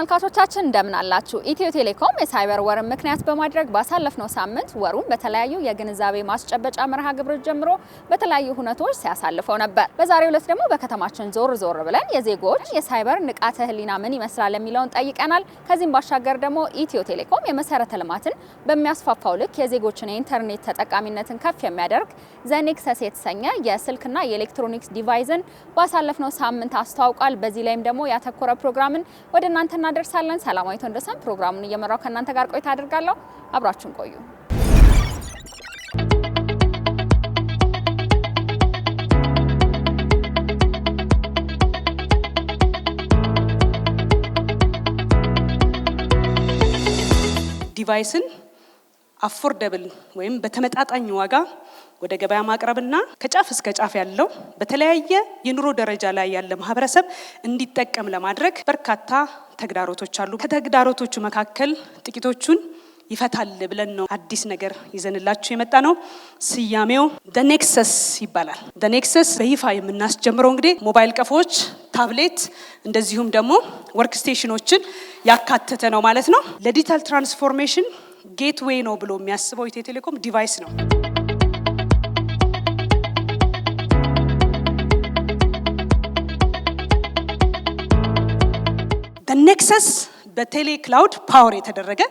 ተመልካቾቻችን እንደምን አላችሁ? ኢትዮ ቴሌኮም የሳይበር ወርን ምክንያት በማድረግ ባሳለፍነው ሳምንት ወሩን በተለያዩ የግንዛቤ ማስጨበጫ መርሃ ግብሮች ጀምሮ በተለያዩ ሁነቶች ሲያሳልፈው ነበር። በዛሬው ዕለት ደግሞ በከተማችን ዞር ዞር ብለን የዜጎች የሳይበር ንቃተ ህሊና ምን ይመስላል የሚለውን ጠይቀናል። ከዚህም ባሻገር ደግሞ ኢትዮ ቴሌኮም የመሰረተ ልማትን በሚያስፋፋው ልክ የዜጎችን የኢንተርኔት ተጠቃሚነትን ከፍ የሚያደርግ ዘኔክሰስ የተሰኘ የስልክና የኤሌክትሮኒክስ ዲቫይስን ባሳለፍነው ሳምንት አስተዋውቋል። በዚህ ላይም ደግሞ ያተኮረ ፕሮግራምን ወደ እናንተና እናደርሳለን። ሰላማዊ ተንደሰን ፕሮግራሙን እየመራው ከእናንተ ጋር ቆይታ አድርጋለሁ። አብራችሁን ቆዩ። ዲቫይስን አፎርደብል ወይም በተመጣጣኝ ዋጋ ወደ ገበያ ማቅረብና ከጫፍ እስከ ጫፍ ያለው በተለያየ የኑሮ ደረጃ ላይ ያለ ማህበረሰብ እንዲጠቀም ለማድረግ በርካታ ተግዳሮቶች አሉ። ከተግዳሮቶቹ መካከል ጥቂቶቹን ይፈታል ብለን ነው አዲስ ነገር ይዘንላችሁ የመጣ ነው። ስያሜው ደኔክሰስ ይባላል። ደኔክሰስ በይፋ የምናስጀምረው እንግዲህ ሞባይል ቀፎዎች፣ ታብሌት እንደዚሁም ደግሞ ወርክ ስቴሽኖችን ያካተተ ነው ማለት ነው ለዲጂታል ትራንስፎርሜሽን ጌትዌይ ነው ብሎ የሚያስበው ኢትዮ ቴሌኮም ዲቫይስ ነው። በኔክሰስ በቴሌ ክላውድ ፓወር የተደረገ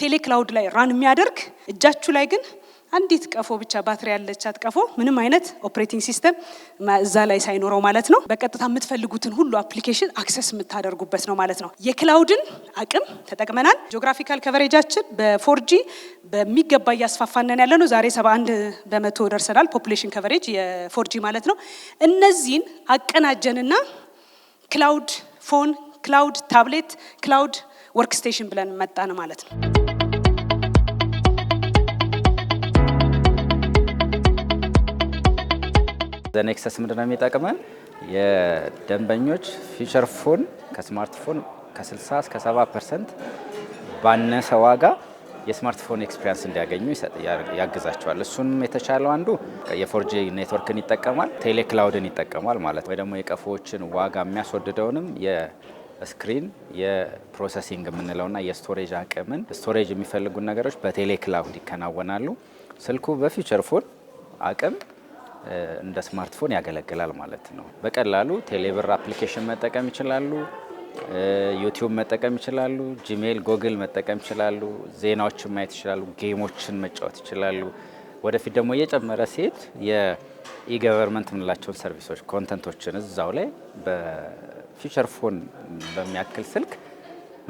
ቴሌ ክላውድ ላይ ራን የሚያደርግ እጃችሁ ላይ ግን አንዲት ቀፎ ብቻ ባትሪ ያለቻት ቀፎ ምንም አይነት ኦፕሬቲንግ ሲስተም እዛ ላይ ሳይኖረው ማለት ነው በቀጥታ የምትፈልጉትን ሁሉ አፕሊኬሽን አክሰስ የምታደርጉበት ነው ማለት ነው። የክላውድን አቅም ተጠቅመናል። ጂኦግራፊካል ከቨሬጃችን በፎርጂ በሚገባ እያስፋፋነን ያለ ነው። ዛሬ 71 በመቶ ደርሰናል። ፖፕሌሽን ከቨሬጅ የፎርጂ ማለት ነው። እነዚህን አቀናጀንና ክላውድ ፎን፣ ክላውድ ታብሌት፣ ክላውድ ወርክስቴሽን ብለን መጣን ማለት ነው። ዘኔክሰስ ነው የሚጠቅመን? የደንበኞች ፊቸር ፎን ከስማርትፎን ከ60 እስከ 70 ፐርሰንት ባነሰ ዋጋ የስማርትፎን ኤክስፒሪያንስ እንዲያገኙ ያግዛቸዋል። እሱም የተቻለው አንዱ የፎርጂ ኔትወርክን ይጠቀማል፣ ቴሌክላውድን ይጠቀማል ማለት ወይ ደግሞ የቀፎዎችን ዋጋ የሚያስወድደውንም የስክሪን የፕሮሰሲንግ የምንለውና የስቶሬጅ አቅምን ስቶሬጅ የሚፈልጉን ነገሮች በቴሌክላውድ ይከናወናሉ። ስልኩ በፊቸር ፎን አቅም እንደ ስማርትፎን ያገለግላል ማለት ነው። በቀላሉ ቴሌብር አፕሊኬሽን መጠቀም ይችላሉ። ዩቲዩብ መጠቀም ይችላሉ። ጂሜል፣ ጎግል መጠቀም ይችላሉ። ዜናዎችን ማየት ይችላሉ። ጌሞችን መጫወት ይችላሉ። ወደፊት ደግሞ እየጨመረ ሲሄድ የኢገቨርንመንት የምንላቸውን ሰርቪሶች ኮንተንቶችን እዛው ላይ በፊቸር ፎን በሚያክል ስልክ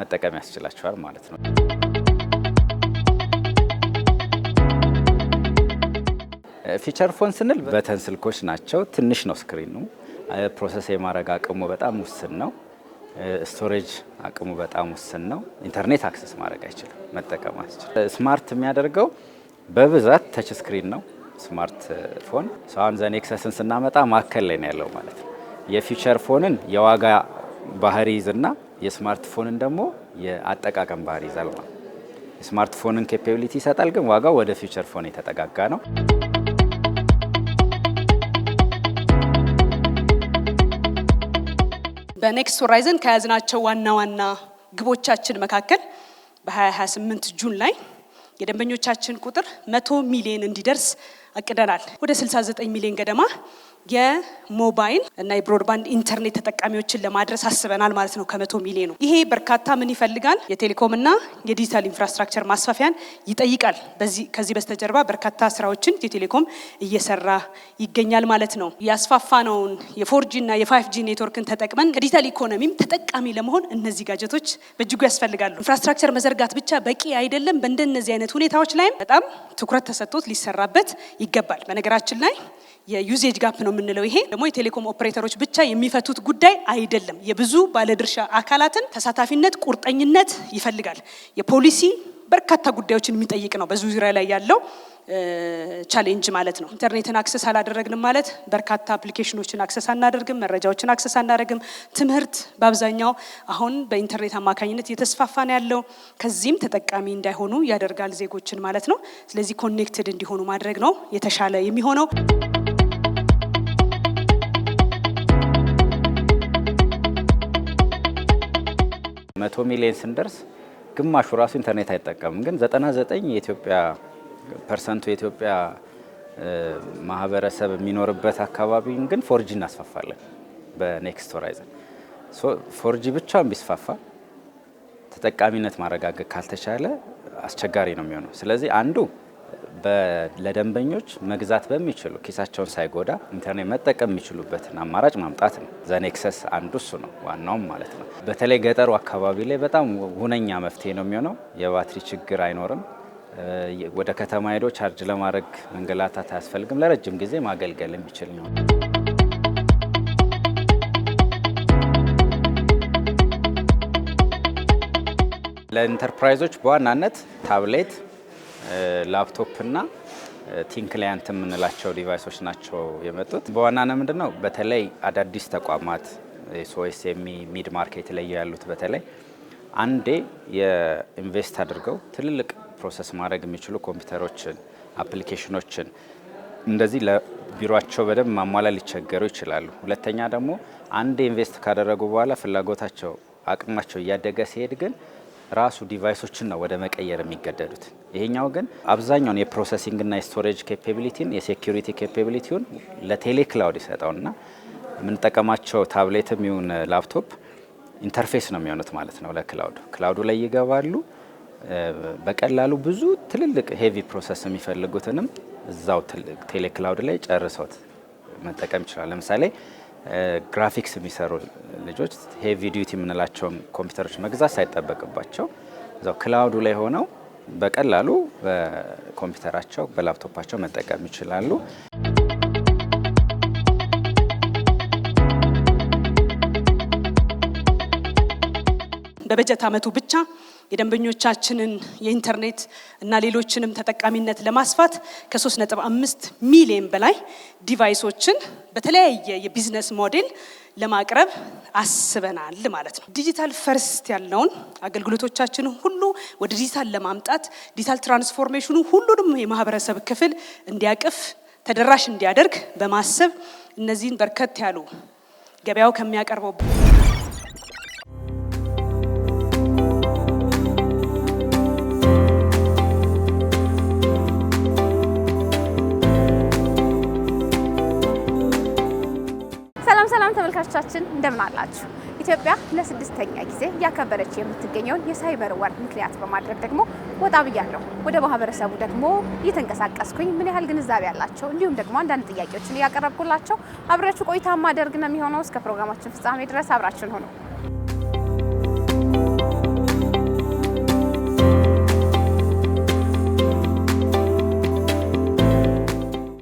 መጠቀም ያስችላቸዋል ማለት ነው። ፊቸር ፎን ስንል በተን ስልኮች ናቸው። ትንሽ ነው ስክሪኑ። ፕሮሰስ የማድረግ አቅሙ በጣም ውስን ነው። ስቶሬጅ አቅሙ በጣም ውስን ነው። ኢንተርኔት አክሰስ ማድረግ አይችልም፣ መጠቀም አይችልም። ስማርት የሚያደርገው በብዛት ተች ስክሪን ነው ስማርት ፎን። ሰውን ዘ ኔክሰስን ስናመጣ ማካከል ላይ ነው ያለው ማለት ነው። የፊቸር ፎንን የዋጋ ባህሪ ይዝና የስማርት ፎንን ደግሞ የአጠቃቀም ባህሪ ይዛል ማለት ነው። ስማርትፎንን ኬፓቢሊቲ ይሰጣል፣ ግን ዋጋው ወደ ፊውቸር ፎን የተጠጋጋ ነው። በኔክስት ሆራይዘን ከያዝናቸው ዋና ዋና ግቦቻችን መካከል በ2028 ጁን ላይ የደንበኞቻችን ቁጥር መቶ ሚሊዮን እንዲደርስ አቅደናል። ወደ 69 ሚሊዮን ገደማ የሞባይል እና የብሮድባንድ ኢንተርኔት ተጠቃሚዎችን ለማድረስ አስበናል ማለት ነው። ከመቶ ሚሊዮኑ ይሄ በርካታ ምን ይፈልጋል? የቴሌኮም እና የዲጂታል ኢንፍራስትራክቸር ማስፋፊያን ይጠይቃል። ከዚህ በስተጀርባ በርካታ ስራዎችን የቴሌኮም እየሰራ ይገኛል ማለት ነው። ያስፋፋነውን የፎርጂ እና የፋይፍጂ ኔትወርክን ተጠቅመን ከዲጂታል ኢኮኖሚም ተጠቃሚ ለመሆን እነዚህ ጋጀቶች በእጅጉ ያስፈልጋሉ። ኢንፍራስትራክቸር መዘርጋት ብቻ በቂ አይደለም። በእንደነዚህ አይነት ሁኔታዎች ላይም በጣም ትኩረት ተሰጥቶት ሊሰራበት ይገባል። በነገራችን ላይ የዩዜጅ ጋፕ ነው የምንለው። ይሄ ደግሞ የቴሌኮም ኦፕሬተሮች ብቻ የሚፈቱት ጉዳይ አይደለም። የብዙ ባለድርሻ አካላትን ተሳታፊነት፣ ቁርጠኝነት ይፈልጋል። የፖሊሲ በርካታ ጉዳዮችን የሚጠይቅ ነው። በዚህ ዙሪያ ላይ ያለው ቻሌንጅ ማለት ነው። ኢንተርኔትን አክሰስ አላደረግንም ማለት በርካታ አፕሊኬሽኖችን አክሰስ አናደርግም፣ መረጃዎችን አክሰስ አናደርግም። ትምህርት በአብዛኛው አሁን በኢንተርኔት አማካኝነት እየተስፋፋ ነው ያለው። ከዚህም ተጠቃሚ እንዳይሆኑ ያደርጋል ዜጎችን ማለት ነው። ስለዚህ ኮኔክትድ እንዲሆኑ ማድረግ ነው የተሻለ የሚሆነው። መቶ ሚሊዮን ስንደርስ ግማሹ ራሱ ኢንተርኔት አይጠቀምም። ግን 99 የኢትዮጵያ ፐርሰንቱ የኢትዮጵያ ማህበረሰብ የሚኖርበት አካባቢ ግን ፎርጂ እናስፋፋለን በኔክስት ሆራይዘን። ፎርጂ ብቻውን ቢስፋፋ ተጠቃሚነት ማረጋገጥ ካልተቻለ አስቸጋሪ ነው የሚሆነው። ስለዚህ አንዱ ለደንበኞች መግዛት በሚችሉ ኪሳቸውን ሳይጎዳ ኢንተርኔት መጠቀም የሚችሉበትን አማራጭ ማምጣት ነው። ዘኔክሰስ አንዱ እሱ ነው ዋናውም ማለት ነው። በተለይ ገጠሩ አካባቢ ላይ በጣም ሁነኛ መፍትሄ ነው የሚሆነው። የባትሪ ችግር አይኖርም። ወደ ከተማ ሄዶ ቻርጅ ለማድረግ መንገላታት አያስፈልግም። ለረጅም ጊዜ ማገልገል የሚችል ነው። ለኢንተርፕራይዞች በዋናነት ታብሌት ላፕቶፕ እና ቲን ክላያንት የምንላቸው ዲቫይሶች ናቸው የመጡት። በዋናነት ምንድነው በተለይ አዳዲስ ተቋማት ሶስ የሚ ሚድ ማርኬት ላይ ያሉት በተለይ አንዴ የኢንቨስት አድርገው ትልልቅ ፕሮሰስ ማድረግ የሚችሉ ኮምፒውተሮችን፣ አፕሊኬሽኖችን እንደዚህ ለቢሮቸው በደንብ ማሟላ ሊቸገሩ ይችላሉ። ሁለተኛ ደግሞ አንዴ ኢንቨስት ካደረጉ በኋላ ፍላጎታቸው አቅማቸው እያደገ ሲሄድ ግን ራሱ ዲቫይሶችን ነው ወደ መቀየር የሚገደዱት። ይሄኛው ግን አብዛኛውን የፕሮሰሲንግና የስቶሬጅ ኬፓቢሊቲን የሴኪሪቲ ኬፓቢሊቲውን ለቴሌ ይሰጠው ይሰጠውና የምንጠቀማቸው ታብሌትም ይሁን ላፕቶፕ ኢንተርፌስ ነው የሚሆኑት ማለት ነው ለክላውዱ። ክላውዱ ላይ ይገባሉ በቀላሉ ብዙ ትልልቅ ሄቪ ፕሮሰስ የሚፈልጉትንም እዛው ቴሌክላውድ ላይ ጨርሰውት መጠቀም ይችላል። ለምሳሌ ግራፊክስ የሚሰሩ ልጆች ሄቪ ዲዩቲ የምንላቸውን ኮምፒውተሮች መግዛት ሳይጠበቅባቸው እዛው ክላውዱ ላይ ሆነው በቀላሉ በኮምፒውተራቸው በላፕቶፓቸው መጠቀም ይችላሉ። በበጀት ዓመቱ ብቻ የደንበኞቻችንን የኢንተርኔት እና ሌሎችንም ተጠቃሚነት ለማስፋት ከ3.5 ሚሊዮን በላይ ዲቫይሶችን በተለያየ የቢዝነስ ሞዴል ለማቅረብ አስበናል ማለት ነው። ዲጂታል ፈርስት ያለውን አገልግሎቶቻችን ሁሉ ወደ ዲጂታል ለማምጣት ዲጂታል ትራንስፎርሜሽኑ ሁሉንም የማህበረሰብ ክፍል እንዲያቅፍ ተደራሽ እንዲያደርግ በማሰብ እነዚህን በርከት ያሉ ገበያው ከሚያቀርበው ሰላም ተመልካቾቻችን እንደምን አላችሁ? ኢትዮጵያ ለስድስተኛ ጊዜ እያከበረች የምትገኘውን የሳይበር ወር ምክንያት በማድረግ ደግሞ ወጣ ብያለሁ። ወደ ማህበረሰቡ ደግሞ እየተንቀሳቀስኩኝ ምን ያህል ግንዛቤ ያላቸው እንዲሁም ደግሞ አንዳንድ ጥያቄዎችን እያቀረብኩላቸው አብራችሁ ቆይታ ማደርግ ነው የሚሆነው። እስከ ፕሮግራማችን ፍጻሜ ድረስ አብራችን ሆነው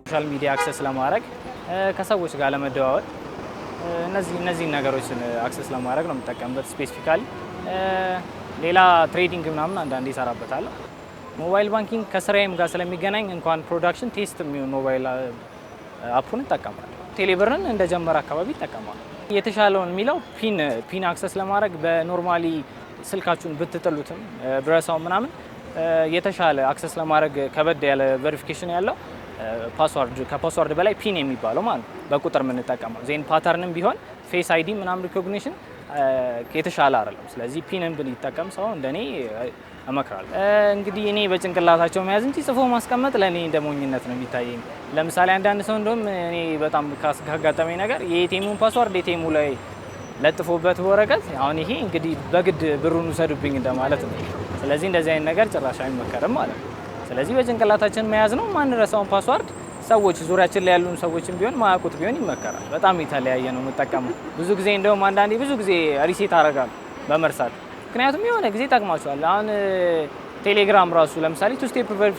ሶሻል ሚዲያ አክሰስ ለማድረግ ከሰዎች ጋር ለመደዋወል እነዚህ እነዚህን ነገሮችን አክሰስ ለማድረግ ነው የምጠቀምበት። ስፔሲፊካሊ ሌላ ትሬዲንግ ምናምን አንዳንዴ ይሰራበታል። ሞባይል ባንኪንግ ከስራዬም ጋር ስለሚገናኝ እንኳን ፕሮዳክሽን ቴስት የሚሆን ሞባይል አፑን እጠቀማለሁ። ቴሌብርን እንደጀመረ አካባቢ ይጠቀማል። የተሻለውን የሚለው ፒን ፒን አክሰስ ለማድረግ በኖርማሊ ስልካችሁን ብትጥሉትም ብረሳው ምናምን የተሻለ አክሰስ ለማድረግ ከበድ ያለ ቨሪፊኬሽን ያለው ፓስዋርድ ከፓስዋርድ በላይ ፒን የሚባለው ማለት ነው በቁጥር የምንጠቀመው ዜን ፓተርንም ቢሆን ፌስ አይዲ ምናምን ሪኮግኒሽን የተሻለ አይደለም። ስለዚህ ፒንን ብንጠቀም ሰው እንደኔ እመክራለሁ። እንግዲህ እኔ በጭንቅላታቸው መያዝ እንጂ ጽፎ ማስቀመጥ ለእኔ እንደሞኝነት ነው የሚታየኝ። ለምሳሌ አንዳንድ ሰው እንደውም እኔ በጣም ካጋጠመኝ ነገር የኤቲኤሙን ፓስዋርድ ኤቲኤሙ ላይ ለጥፎበት ወረቀት አሁን ይሄ እንግዲህ በግድ ብሩን ውሰዱብኝ እንደማለት ነው። ስለዚህ እንደዚህ አይነት ነገር ጭራሽ አይመከርም ማለት ነው። ስለዚህ በጭንቅላታችን መያዝ ነው ማንረሳውን ፓስዋርድ ሰዎች ዙሪያችን ላይ ያሉን ሰዎችም ቢሆን ማያውቁት ቢሆን ይመከራል። በጣም የተለያየ ነው የምጠቀመው። ብዙ ጊዜ እንደውም አንዳንዴ ብዙ ጊዜ ሪሴት አደርጋለሁ በመርሳት። ምክንያቱም የሆነ ጊዜ ጠቅማቸዋል። አሁን ቴሌግራም ራሱ ለምሳሌ ቱ ስቴፕ ባል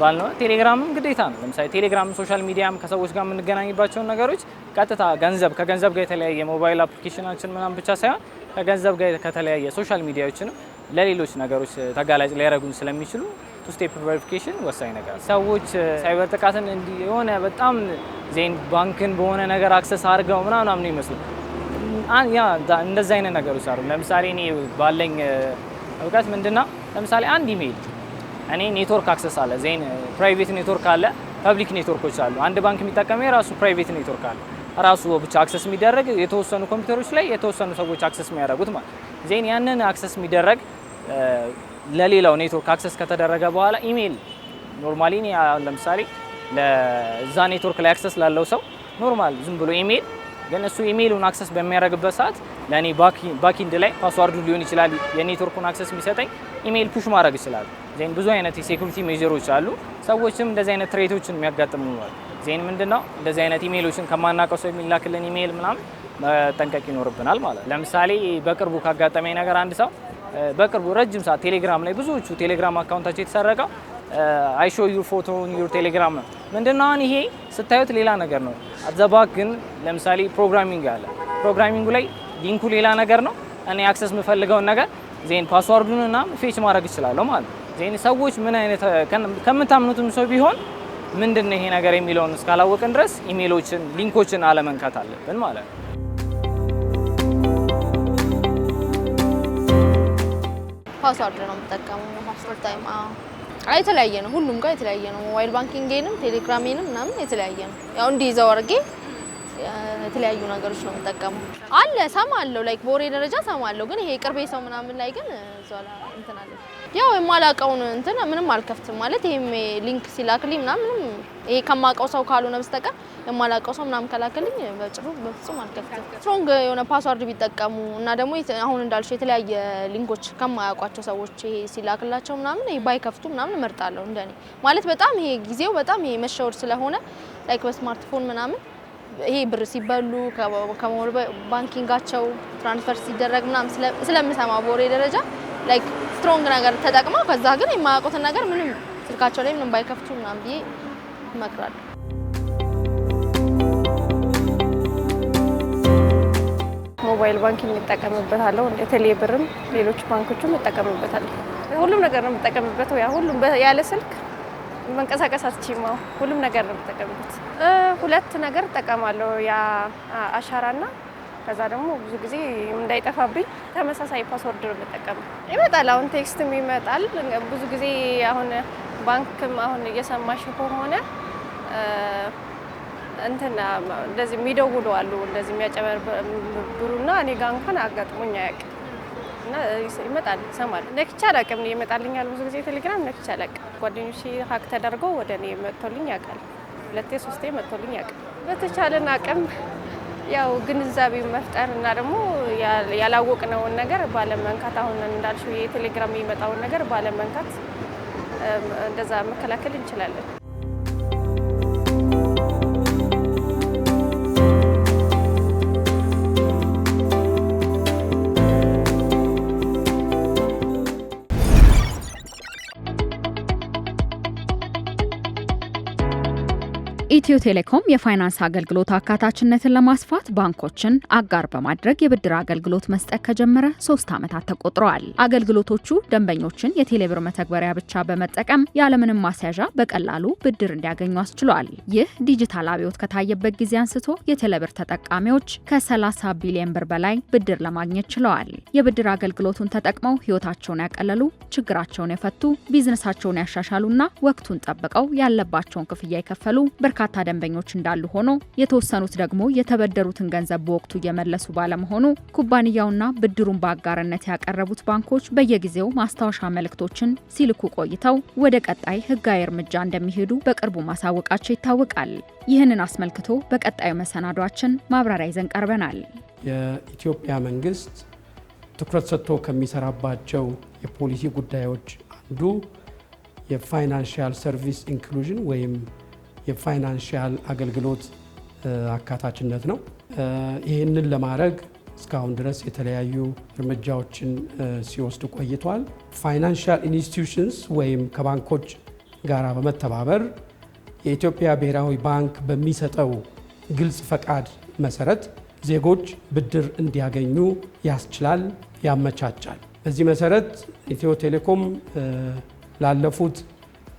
ባልነው ቴሌግራምም ግዴታ ነው። ለምሳሌ ቴሌግራም፣ ሶሻል ሚዲያም ከሰዎች ጋር የምንገናኝባቸውን ነገሮች ቀጥታ ገንዘብ ከገንዘብ ጋር የተለያየ ሞባይል አፕሊኬሽናችን ምናምን ብቻ ሳይሆን ከገንዘብ ጋር ከተለያየ ሶሻል ሚዲያዎችንም ለሌሎች ነገሮች ተጋላጭ ሊያደረጉን ስለሚችሉ ቱ ስቴፕ ቬሪፊኬሽን ወሳኝ ነገር ሰዎች ሳይበር ጥቃትን እንዲህ የሆነ በጣም ዜን ባንክን በሆነ ነገር አክሰስ አድርገው ምናምን ይመስሉ ያ እንደዚ አይነት ነገሮች አሉ። ለምሳሌ እኔ ባለኝ እውቀት ምንድና ለምሳሌ አንድ ኢሜይል እኔ ኔትወርክ አክሰስ አለ ዜን ፕራይቬት ኔትወርክ አለ፣ ፐብሊክ ኔትወርኮች አሉ። አንድ ባንክ የሚጠቀመ የራሱ ፕራይቬት ኔትወርክ አለ ራሱ ብቻ አክሰስ የሚደረግ የተወሰኑ ኮምፒውተሮች ላይ የተወሰኑ ሰዎች አክሰስ የሚያደርጉት ማለት ዜን ያንን አክሰስ የሚደረግ ለሌላው ኔትወርክ አክሰስ ከተደረገ በኋላ ኢሜይል ኖርማሊ ለምሳሌ ለዛ ኔትወርክ ላይ አክሰስ ላለው ሰው ኖርማል ዝም ብሎ ኢሜይል ግን እሱ ኢሜይሉን አክሰስ በሚያደርግበት ሰዓት ለእኔ ባኪንድ ላይ ፓስዋርዱ ሊሆን ይችላል የኔትወርኩን አክሰስ የሚሰጠኝ ኢሜይል ፑሽ ማድረግ ይችላል። ዜን ብዙ አይነት የሴኩሪቲ ሜሮች አሉ። ሰዎችም እንደዚህ አይነት ትሬቶችን የሚያጋጥሙ ነዋል። ዜን ምንድን ነው እንደዚህ አይነት ኢሜይሎችን ከማናውቀው ሰው የሚላክልን ኢሜይል ምናምን መጠንቀቅ ይኖርብናል ማለት ነው። ለምሳሌ በቅርቡ ካጋጠመኝ ነገር አንድ ሰው በቅርቡ ረጅም ሰዓት ቴሌግራም ላይ ብዙዎቹ ቴሌግራም አካውንታቸው የተሰረቀው አይሾ ዩ ፎቶ ዩር ቴሌግራም ነው። ምንድን ነው አሁን ይሄ ስታዩት ሌላ ነገር ነው። አዘባክ ግን ለምሳሌ ፕሮግራሚንግ አለ። ፕሮግራሚንጉ ላይ ሊንኩ ሌላ ነገር ነው። እኔ አክሰስ የምፈልገውን ነገር ዜን ፓስዋርዱን እና ፌች ማድረግ እችላለሁ ማለት ነው። ዜን ሰዎች ምን አይነት ከምታምኑትም ሰው ቢሆን ምንድን ነው ይሄ ነገር የሚለውን እስካላወቅን ድረስ ኢሜሎችን ሊንኮችን አለመንካት አለብን ማለት ነው። ፓስወርድ ነው የምጠቀመው። ፓስወርድ ታይም አይ የተለያየ ነው። ሁሉም ጋር የተለያየ ነው። ሞባይል ባንኪንግንም ቴሌግራሜንም ምናምን የተለያየ ነው። ያው እንዲህ ይዘው አድርጌ የተለያዩ ነገሮች ነው የምጠቀመው። አለ አለው ላይክ በወሬ ደረጃ አለው፣ ግን ይሄ ቅርቤ ሰው ምናምን ላይ ግን ዞላ እንትን አለ ያው የማላውቀውን እንትን ምንም አልከፍትም ማለት ይሄም ሊንክ ሲላክልኝ ምናምን ምንም ይሄ ከማውቀው ሰው ካልሆነ በስተቀር የማላውቀው ሰው ምናምን ከላክልኝ በጭሩ በፍጹም አልከፍትም። ስትሮንግ የሆነ ፓስዋርድ ቢጠቀሙ እና ደግሞ አሁን እንዳልሽ የተለያየ ሊንኮች ከማያውቋቸው ሰዎች ይሄ ሲላክላቸው ምናምን ይሄ ባይከፍቱ ምናምን እመርጣለሁ። እንደኔ ማለት በጣም ይሄ ጊዜው በጣም ይሄ መሻወር ስለሆነ ላይክ በስማርትፎን ምናምን ይሄ ብር ሲበሉ ከሞባይል ባንኪንጋቸው ትራንስፈር ሲደረግ ምናምን ስለምሰማ በወሬ ደረጃ ላይክ ስትሮንግ ነገር ተጠቅመው ከዛ ግን የማያውቁትን ነገር ምንም ስልካቸው ላይ ምንም ባይከፍቱ ምናምን ብዬ እመክራለሁ። ሞባይል ባንክ እጠቀምበታለሁ፣ እንደ ብርም ሌሎች ባንኮችም እጠቀምበታለሁ። ሁሉም ነገር ነው የምጠቀምበት። ያ ሁሉም ያለ ስልክ መንቀሳቀስ አትችይም። ሁሉም ነገር ነው የምጠቀምበት። ሁለት ነገር እጠቀማለሁ፣ ያ አሻራና ከዛ ደግሞ ብዙ ጊዜ እንዳይጠፋብኝ ተመሳሳይ ፓስወርድ ነው የምጠቀመው። ይመጣል፣ አሁን ቴክስትም ይመጣል። ብዙ ጊዜ አሁን ባንክም አሁን እየሰማሽ ከሆነ እንትና እንደዚህ የሚደውሉ አሉ እንደዚህ የሚያጨበርብሩና እኔ ጋ እንኳን አጋጥሞኝ አያውቅም። እና ይመጣል፣ ይሰማል። ነክቼ አላውቅም። ይመጣልኛል ብዙ ጊዜ ቴሌግራም ነክቼ አላውቅም። ጓደኞች ሀክ ተደርገው ወደ እኔ መጥቶልኝ ያውቃል። ሁለቴ ሶስቴ መጥቶልኝ ያውቃል። በተቻለን አቅም ያው ግንዛቤ መፍጠር እና ደግሞ ያላወቅነውን ነገር ባለመንካት አሁን እንዳልሽው የቴሌግራም የሚመጣውን ነገር ባለመንካት እንደዛ መከላከል እንችላለን። ኢትዮ ቴሌኮም የፋይናንስ አገልግሎት አካታችነትን ለማስፋት ባንኮችን አጋር በማድረግ የብድር አገልግሎት መስጠት ከጀመረ ሶስት ዓመታት ተቆጥረዋል። አገልግሎቶቹ ደንበኞችን የቴሌብር መተግበሪያ ብቻ በመጠቀም ያለምንም ማስያዣ በቀላሉ ብድር እንዲያገኙ አስችሏል። ይህ ዲጂታል አብዮት ከታየበት ጊዜ አንስቶ የቴሌብር ተጠቃሚዎች ከ30 ቢሊዮን ብር በላይ ብድር ለማግኘት ችለዋል። የብድር አገልግሎቱን ተጠቅመው ህይወታቸውን ያቀለሉ፣ ችግራቸውን የፈቱ፣ ቢዝነሳቸውን ያሻሻሉና ወቅቱን ጠብቀው ያለባቸውን ክፍያ የከፈሉ በርካታ በርካታ ደንበኞች እንዳሉ ሆኖ የተወሰኑት ደግሞ የተበደሩትን ገንዘብ በወቅቱ እየመለሱ ባለመሆኑ ኩባንያውና ብድሩን በአጋርነት ያቀረቡት ባንኮች በየጊዜው ማስታወሻ መልእክቶችን ሲልኩ ቆይተው ወደ ቀጣይ ህጋዊ እርምጃ እንደሚሄዱ በቅርቡ ማሳወቃቸው ይታወቃል። ይህንን አስመልክቶ በቀጣዩ መሰናዷችን ማብራሪያ ይዘን ቀርበናል። የኢትዮጵያ መንግስት ትኩረት ሰጥቶ ከሚሰራባቸው የፖሊሲ ጉዳዮች አንዱ የፋይናንሽል ሰርቪስ ኢንክሉዥን ወይም የፋይናንሽያል አገልግሎት አካታችነት ነው። ይህንን ለማድረግ እስካሁን ድረስ የተለያዩ እርምጃዎችን ሲወስድ ቆይቷል። ፋይናንሽል ኢንስቲትዩሽንስ ወይም ከባንኮች ጋራ በመተባበር የኢትዮጵያ ብሔራዊ ባንክ በሚሰጠው ግልጽ ፈቃድ መሰረት ዜጎች ብድር እንዲያገኙ ያስችላል፣ ያመቻቻል። በዚህ መሰረት ኢትዮ ቴሌኮም ላለፉት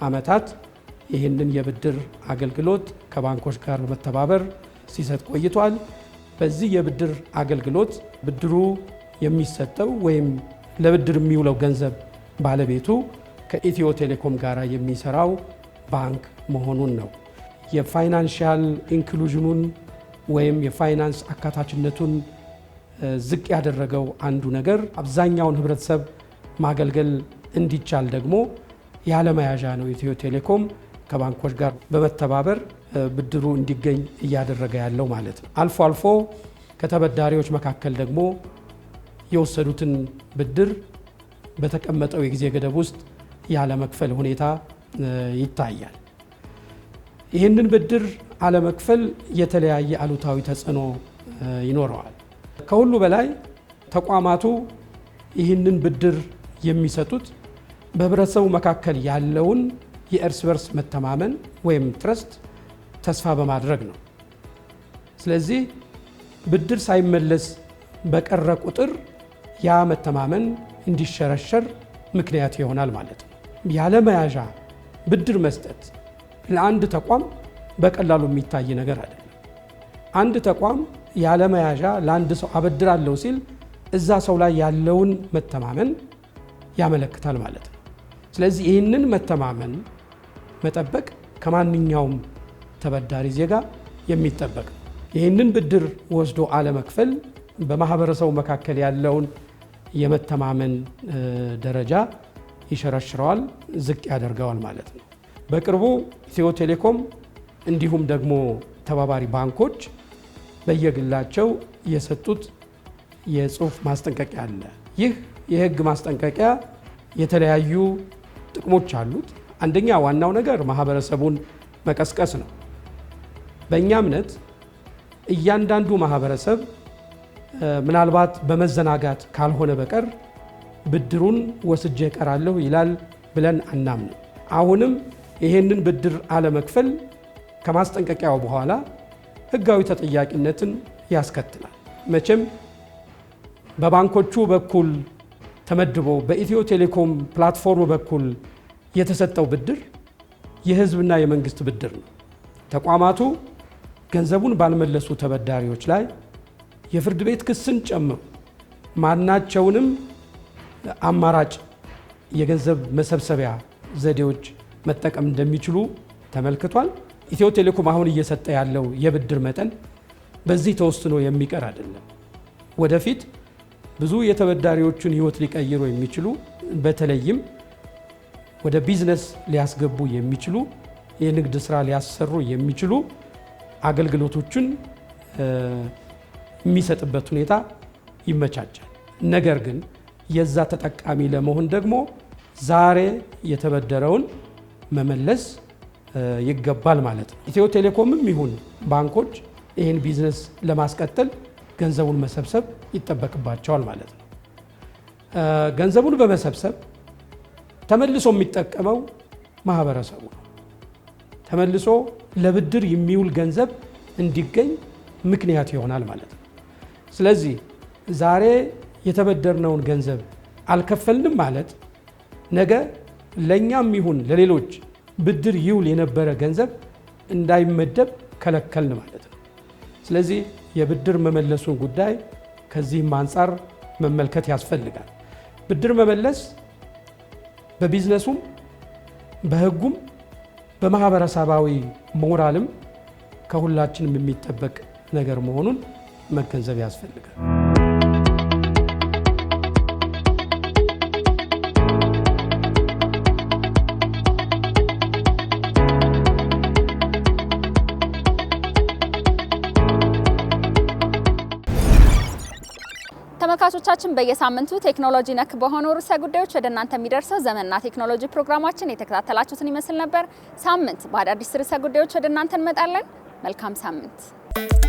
ዓመታት ይህንን የብድር አገልግሎት ከባንኮች ጋር በመተባበር ሲሰጥ ቆይቷል። በዚህ የብድር አገልግሎት ብድሩ የሚሰጠው ወይም ለብድር የሚውለው ገንዘብ ባለቤቱ ከኢትዮ ቴሌኮም ጋር የሚሰራው ባንክ መሆኑን ነው። የፋይናንሻል ኢንክሉዥኑን ወይም የፋይናንስ አካታችነቱን ዝቅ ያደረገው አንዱ ነገር አብዛኛውን ህብረተሰብ ማገልገል እንዲቻል ደግሞ ያለመያዣ ነው ኢትዮ ቴሌኮም ከባንኮች ጋር በመተባበር ብድሩ እንዲገኝ እያደረገ ያለው ማለት ነው። አልፎ አልፎ ከተበዳሪዎች መካከል ደግሞ የወሰዱትን ብድር በተቀመጠው የጊዜ ገደብ ውስጥ ያለመክፈል ሁኔታ ይታያል። ይህንን ብድር አለመክፈል የተለያየ አሉታዊ ተጽዕኖ ይኖረዋል። ከሁሉ በላይ ተቋማቱ ይህንን ብድር የሚሰጡት በህብረተሰቡ መካከል ያለውን የእርስ በርስ መተማመን ወይም ትረስት ተስፋ በማድረግ ነው። ስለዚህ ብድር ሳይመለስ በቀረ ቁጥር ያ መተማመን እንዲሸረሸር ምክንያት ይሆናል ማለት ነው። ያለ መያዣ ብድር መስጠት ለአንድ ተቋም በቀላሉ የሚታይ ነገር አይደለም። አንድ ተቋም ያለ መያዣ ለአንድ ሰው አበድራለሁ ሲል እዛ ሰው ላይ ያለውን መተማመን ያመለክታል ማለት ነው። ስለዚህ ይህንን መተማመን መጠበቅ ከማንኛውም ተበዳሪ ዜጋ የሚጠበቅ ይህንን ብድር ወስዶ አለመክፈል በማህበረሰቡ መካከል ያለውን የመተማመን ደረጃ ይሸረሽረዋል፣ ዝቅ ያደርገዋል ማለት ነው። በቅርቡ ኢትዮ ቴሌኮም እንዲሁም ደግሞ ተባባሪ ባንኮች በየግላቸው የሰጡት የጽሁፍ ማስጠንቀቂያ አለ። ይህ የህግ ማስጠንቀቂያ የተለያዩ ጥቅሞች አሉት። አንደኛ ዋናው ነገር ማህበረሰቡን መቀስቀስ ነው። በእኛ እምነት እያንዳንዱ ማህበረሰብ ምናልባት በመዘናጋት ካልሆነ በቀር ብድሩን ወስጄ እቀራለሁ ይላል ብለን አናምን። አሁንም ይሄንን ብድር አለመክፈል ከማስጠንቀቂያው በኋላ ህጋዊ ተጠያቂነትን ያስከትላል። መቼም በባንኮቹ በኩል ተመድቦ በኢትዮ ቴሌኮም ፕላትፎርም በኩል የተሰጠው ብድር የህዝብና የመንግስት ብድር ነው። ተቋማቱ ገንዘቡን ባልመለሱ ተበዳሪዎች ላይ የፍርድ ቤት ክስን ጨምሮ ማናቸውንም አማራጭ የገንዘብ መሰብሰቢያ ዘዴዎች መጠቀም እንደሚችሉ ተመልክቷል። ኢትዮ ቴሌኮም አሁን እየሰጠ ያለው የብድር መጠን በዚህ ተወስኖ የሚቀር አይደለም። ወደፊት ብዙ የተበዳሪዎቹን ህይወት ሊቀይሩ የሚችሉ በተለይም ወደ ቢዝነስ ሊያስገቡ የሚችሉ የንግድ ስራ ሊያሰሩ የሚችሉ አገልግሎቶችን የሚሰጥበት ሁኔታ ይመቻቻል። ነገር ግን የዛ ተጠቃሚ ለመሆን ደግሞ ዛሬ የተበደረውን መመለስ ይገባል ማለት ነው። ኢትዮ ቴሌኮምም ይሁን ባንኮች ይህን ቢዝነስ ለማስቀጠል ገንዘቡን መሰብሰብ ይጠበቅባቸዋል ማለት ነው። ገንዘቡን በመሰብሰብ ተመልሶ የሚጠቀመው ማህበረሰቡ ነው። ተመልሶ ለብድር የሚውል ገንዘብ እንዲገኝ ምክንያት ይሆናል ማለት ነው። ስለዚህ ዛሬ የተበደርነውን ገንዘብ አልከፈልንም ማለት ነገ ለእኛም ይሁን ለሌሎች ብድር ይውል የነበረ ገንዘብ እንዳይመደብ ከለከልን ማለት ነው። ስለዚህ የብድር መመለሱን ጉዳይ ከዚህም አንጻር መመልከት ያስፈልጋል። ብድር መመለስ በቢዝነሱም በህጉም በማህበረሰባዊ ሞራልም ከሁላችንም የሚጠበቅ ነገር መሆኑን መገንዘብ ያስፈልጋል። ተመልካቾቻችን በየሳምንቱ ቴክኖሎጂ ነክ በሆኑ ርዕሰ ጉዳዮች ወደ እናንተ የሚደርሰው ዘመንና ቴክኖሎጂ ፕሮግራማችን የተከታተላችሁትን ይመስል ነበር። ሳምንት በአዳዲስ ርዕሰ ጉዳዮች ወደ እናንተ እንመጣለን። መልካም ሳምንት።